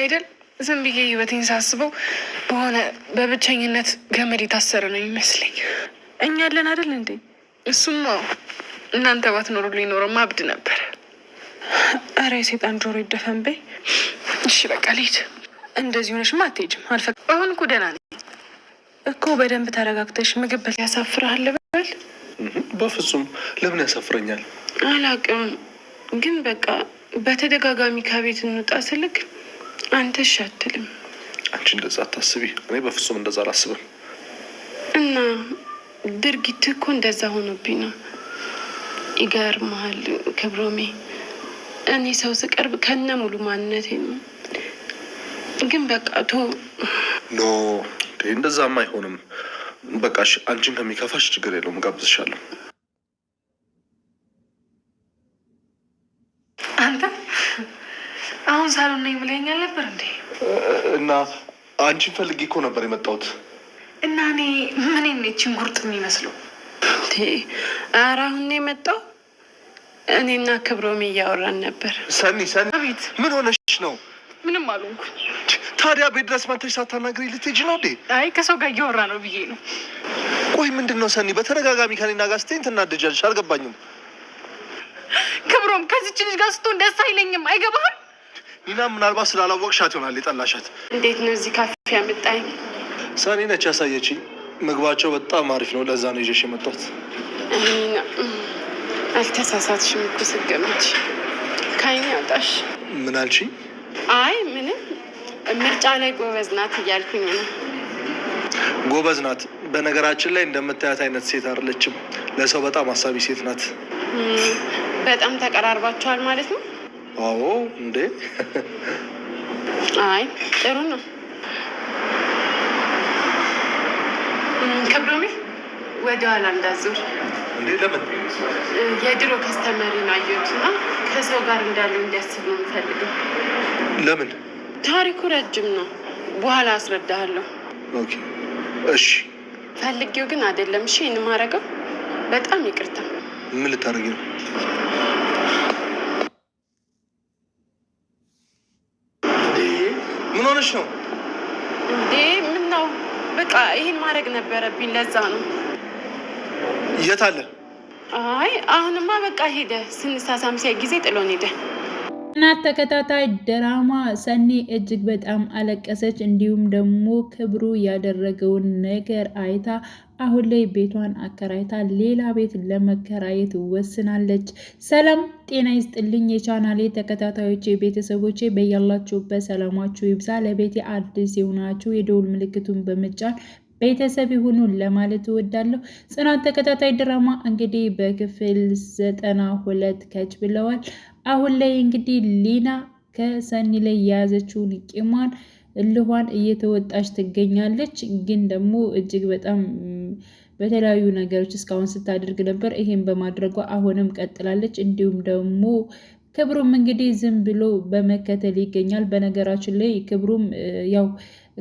አይደል ዝም ብዬ ህይወቴን ሳስበው በሆነ በብቸኝነት ገመድ የታሰረ ነው ይመስለኝ። እኛ ያለን አይደል እንዴ? እሱማ እናንተ ባትኖሩ ሊኖረማ አብድ ነበር። አረ የሴጣን ጆሮ ይደፈን በይ። እሺ በቃ ልሂድ። እንደዚህ ሆነሽማ አትሄጂም። አልፈ አሁን እኮ ደህና ነኝ እኮ በደንብ ተረጋግተሽ ምግብ በል። ያሳፍርሃል ልበል? በፍጹም ለምን ያሳፍረኛል? አላቅም ግን በቃ በተደጋጋሚ ከቤት እንውጣ ስልክ አንተ እሺ አትልም። አንቺ እንደዛ አታስቢ። እኔ በፍጹም እንደዛ አላስብም። እና ድርጊት እኮ እንደዛ ሆኖብኝ ነው። ይገርምሃል ክብሮሜ፣ እኔ ሰው ስቀርብ ከነ ሙሉ ማንነቴ ነው። ግን በቃ ቶ ኖ እንደዛም አይሆንም። በቃ አንቺን ከሚከፋሽ ችግር የለውም፣ ጋብዝሻለሁ። አንተ አሁን ሳሎን ነኝ ብለኸኝ ነበር እንዴ? እና አንቺን ፈልጌ እኮ ነበር የመጣሁት። እና እኔ ምን ኔችን ጉርጥ የሚመስለው ኧረ አሁን ነው የመጣው። እኔና ክብሮም እያወራን ነበር። ሰኒ ሰኒ፣ ቤት ምን ሆነሽ ነው? ምንም አልሆንኩም። ታዲያ ቤት ድረስ መተሽ ሳታናግሪ ልትሄጂ ነው እንዴ? አይ ከሰው ጋር እያወራ ነው ብዬ ነው። ቆይ ምንድን ነው ሰኒ፣ በተደጋጋሚ ከኔና ጋር ስትይኝ ትናደጃለሽ። አልገባኝም። ክብሮም ከዚች ልጅ ጋር ስትሆን ደስ አይለኝም። አይገባህም ኒና ምናልባት ስላላወቅሻት ይሆናል የጠላሻት። እንዴት ነው እዚህ ካፌ ያመጣኝ? ሳኔ ነች ያሳየችኝ። ምግባቸው በጣም አሪፍ ነው። ለዛ ነው ይዤሽ የመጣሁት። አልተሳሳትሽም እኮ ስገመች ከአይን ያውጣሽ። ምን አልሽኝ? አይ ምንም፣ ምርጫ ላይ ጎበዝ ናት እያልኩኝ ነው። ጎበዝ ናት። በነገራችን ላይ እንደምታያት አይነት ሴት አይደለችም። ለሰው በጣም አሳቢ ሴት ናት። በጣም ተቀራርባችኋል ማለት ነው። አዎ እንዴ! አይ ጥሩ ነው። ከብዶሚ ወደ እንዴ እንዳዞር የድሮ ከስተመሪን አየሁት እና ከሰው ጋር እንዳለው እንዲያስብ ነው የምፈልገው። ለምን? ታሪኩ ረጅም ነው፣ በኋላ አስረዳሃለሁ። እሺ። ፈልጌው ግን አይደለም። እሺ፣ እንማረገው። በጣም ይቅርታ። ምን ልታደርጊ ነው? ነው እንዴ? ምነው? በቃ ይህን ማድረግ ነበረብኝ። ለዛ ነው። የት አለ? አይ አሁንማ በቃ ሄደ። ስንሳሳም ሲያይ ጊዜ ጥሎን ሄደ። ጽናት ተከታታይ ድራማ ሰኒ እጅግ በጣም አለቀሰች። እንዲሁም ደግሞ ክብሩ ያደረገውን ነገር አይታ አሁን ላይ ቤቷን አከራይታ ሌላ ቤት ለመከራየት ወስናለች። ሰላም ጤና ይስጥልኝ የቻናሌ ተከታታዮች ቤተሰቦቼ በያላችሁበት ሰላማችሁ ይብዛ። ለቤቴ አዲስ የሆናችሁ የደውል ምልክቱን በመጫን ቤተሰብ ይሁኑ ለማለት እወዳለሁ። ጽናት ተከታታይ ድራማ እንግዲህ በክፍል ዘጠና ሁለት ከች ብለዋል። አሁን ላይ እንግዲህ ሊና ከሰኒ ላይ የያዘችውን ቂሟን እልኋን እየተወጣች ትገኛለች። ግን ደግሞ እጅግ በጣም በተለያዩ ነገሮች እስካሁን ስታደርግ ነበር። ይሄን በማድረጓ አሁንም ቀጥላለች። እንዲሁም ደግሞ ክብሩም እንግዲህ ዝም ብሎ በመከተል ይገኛል። በነገራችን ላይ ክብሩም ያው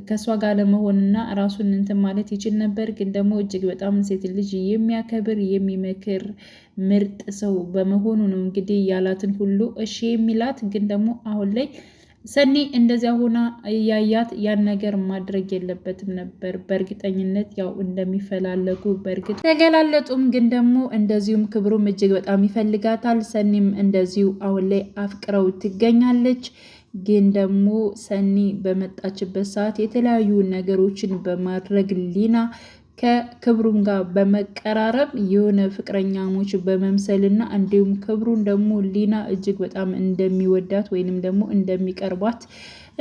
ከእሷ ጋር ለመሆንና ራሱን እንትን ማለት ይችል ነበር፣ ግን ደግሞ እጅግ በጣም ሴት ልጅ የሚያከብር የሚመክር ምርጥ ሰው በመሆኑ ነው እንግዲህ ያላትን ሁሉ እሺ የሚላት ግን ደግሞ አሁን ላይ ሰኒ እንደዚያ ሆና እያያት ያን ነገር ማድረግ የለበትም ነበር። በእርግጠኝነት ያው እንደሚፈላለጉ በእርግጥ ተገላለጡም፣ ግን ደግሞ እንደዚሁም ክብሩም እጅግ በጣም ይፈልጋታል። ሰኒም እንደዚሁ አሁን ላይ አፍቅረው ትገኛለች። ግን ደግሞ ሰኒ በመጣችበት ሰዓት የተለያዩ ነገሮችን በማድረግ ሊና ከክብሩም ጋር በመቀራረብ የሆነ ፍቅረኛሞች በመምሰልና እንዲሁም ክብሩን ደግሞ ሊና እጅግ በጣም እንደሚወዳት ወይንም ደግሞ እንደሚቀርባት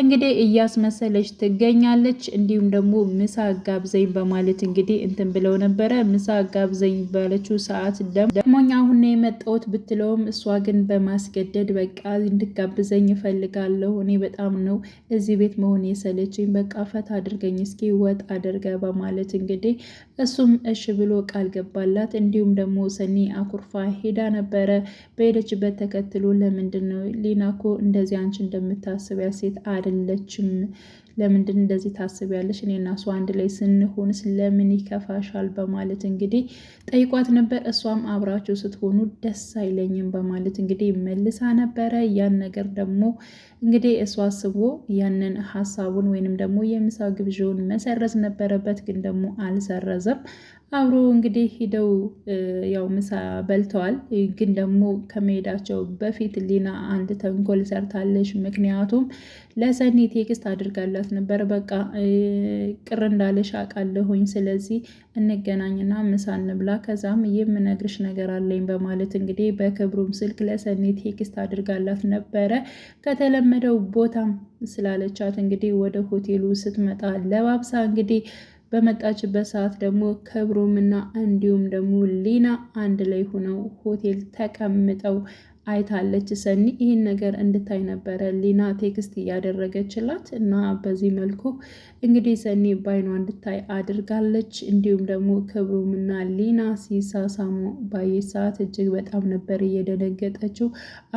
እንግዲህ እያስመሰለች ትገኛለች። እንዲሁም ደግሞ ምሳ ጋብዘኝ በማለት እንግዲህ እንትን ብለው ነበረ። ምሳ ጋብዘኝ ባለችው ሰዓት ደሞኛ አሁን ነው የመጣሁት ብትለውም እሷ ግን በማስገደድ በቃ እንድጋብዘኝ እፈልጋለሁ፣ እኔ በጣም ነው እዚህ ቤት መሆን የሰለችኝ፣ በቃ ፈት አድርገኝ እስኪ ወጥ አድርገ በማለት እንግዲህ እሱም እሽ ብሎ ቃል ገባላት። እንዲሁም ደግሞ ሰኒ አኩርፋ ሄዳ ነበረ። በሄደችበት ተከትሎ ለምንድን ነው ሊናኮ እንደዚህ አንቺ እንደምታስቢያ ሴት አደ አይደለችም። ለምንድን እንደዚህ ታስቢያለሽ? እኔና እሷ አንድ ላይ ስንሆን ስለምን ይከፋሻል? በማለት እንግዲህ ጠይቋት ነበር። እሷም አብራችሁ ስትሆኑ ደስ አይለኝም በማለት እንግዲህ መልሳ ነበረ። ያን ነገር ደግሞ እንግዲህ እሷ አስቦ ያንን ሀሳቡን ወይንም ደግሞ የምሳ ግብዣውን መሰረዝ ነበረበት፣ ግን ደግሞ አልሰረዘም። አብሮ እንግዲህ ሂደው ያው ምሳ በልተዋል። ግን ደግሞ ከመሄዳቸው በፊት ሊና አንድ ተንኮል ሰርታለች። ምክንያቱም ለሰኒ ቴክስት አድርጋላት ነበር። በቃ ቅር እንዳለሽ አውቃለሁኝ፣ ስለዚህ እንገናኝና ምሳ እንብላ፣ ከዛም የምነግርሽ ነገር አለኝ በማለት እንግዲህ በክብሩም ስልክ ለሰኒ ቴክስት አድርጋላት ነበረ። ከተለመደው ቦታም ስላለቻት እንግዲህ ወደ ሆቴሉ ስትመጣ ለባብሳ እንግዲህ በመጣችበት ሰዓት ደግሞ ክብሩምና እንዲሁም ደግሞ ሊና አንድ ላይ ሆነው ሆቴል ተቀምጠው አይታለች። ሰኒ ይህን ነገር እንድታይ ነበረ ሊና ቴክስት እያደረገችላት እና በዚህ መልኩ እንግዲህ ሰኒ ባይኗ እንድታይ አድርጋለች። እንዲሁም ደግሞ ክብሩምና ሊና ሲሳሳሙ ባየ ሰዓት እጅግ በጣም ነበር እየደነገጠችው።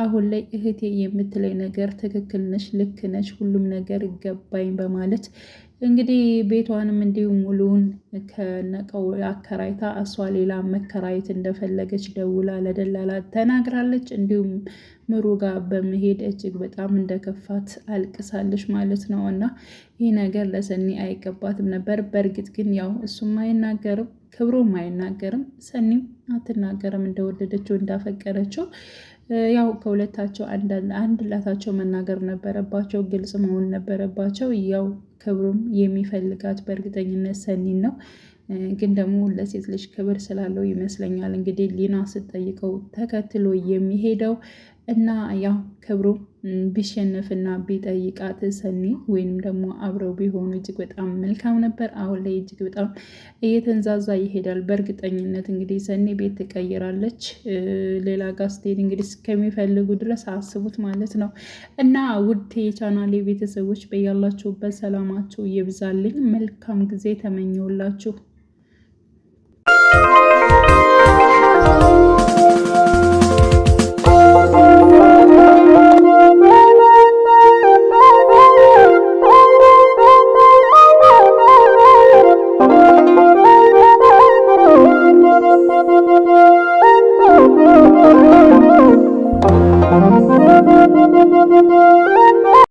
አሁን ላይ እህቴ የምትለኝ ነገር ትክክል ነች፣ ልክ ነች፣ ሁሉም ነገር ገባኝ በማለት እንግዲህ ቤቷንም እንዲሁ ሙሉውን ከነቀው አከራይታ እሷ ሌላ መከራየት እንደፈለገች ደውላ ለደላላ ተናግራለች። እንዲሁም ምሩ ጋር በመሄድ እጅግ በጣም እንደከፋት አልቅሳለች ማለት ነው። እና ይህ ነገር ለሰኒ አይገባትም ነበር። በእርግጥ ግን ያው እሱም አይናገርም፣ ክብሮም አይናገርም፣ ሰኒም አትናገርም እንደወደደችው እንዳፈቀረችው ያው ከሁለታቸው አንድ ላታቸው መናገር ነበረባቸው፣ ግልጽ መሆን ነበረባቸው። ያው ክብሩም የሚፈልጋት በእርግጠኝነት ሰኒን ነው። ግን ደግሞ ለሴት ልጅ ክብር ስላለው ይመስለኛል እንግዲህ ሊና ስትጠይቀው ተከትሎ የሚሄደው እና ያው ክብሩ ቢሸነፍና ቢጠይቃት ሰኒ ወይንም ደግሞ አብረው ቢሆኑ እጅግ በጣም መልካም ነበር። አሁን ላይ እጅግ በጣም እየተንዛዛ ይሄዳል። በእርግጠኝነት እንግዲህ ሰኒ ቤት ትቀይራለች። ሌላ ጋር ስትሄድ እንግዲህ እስከሚፈልጉ ድረስ አስቡት ማለት ነው። እና ውድ የቻናሌ ቤተሰቦች በያላችሁበት ሰላማችሁ ይብዛልኝ። መልካም ጊዜ ተመኘውላችሁ።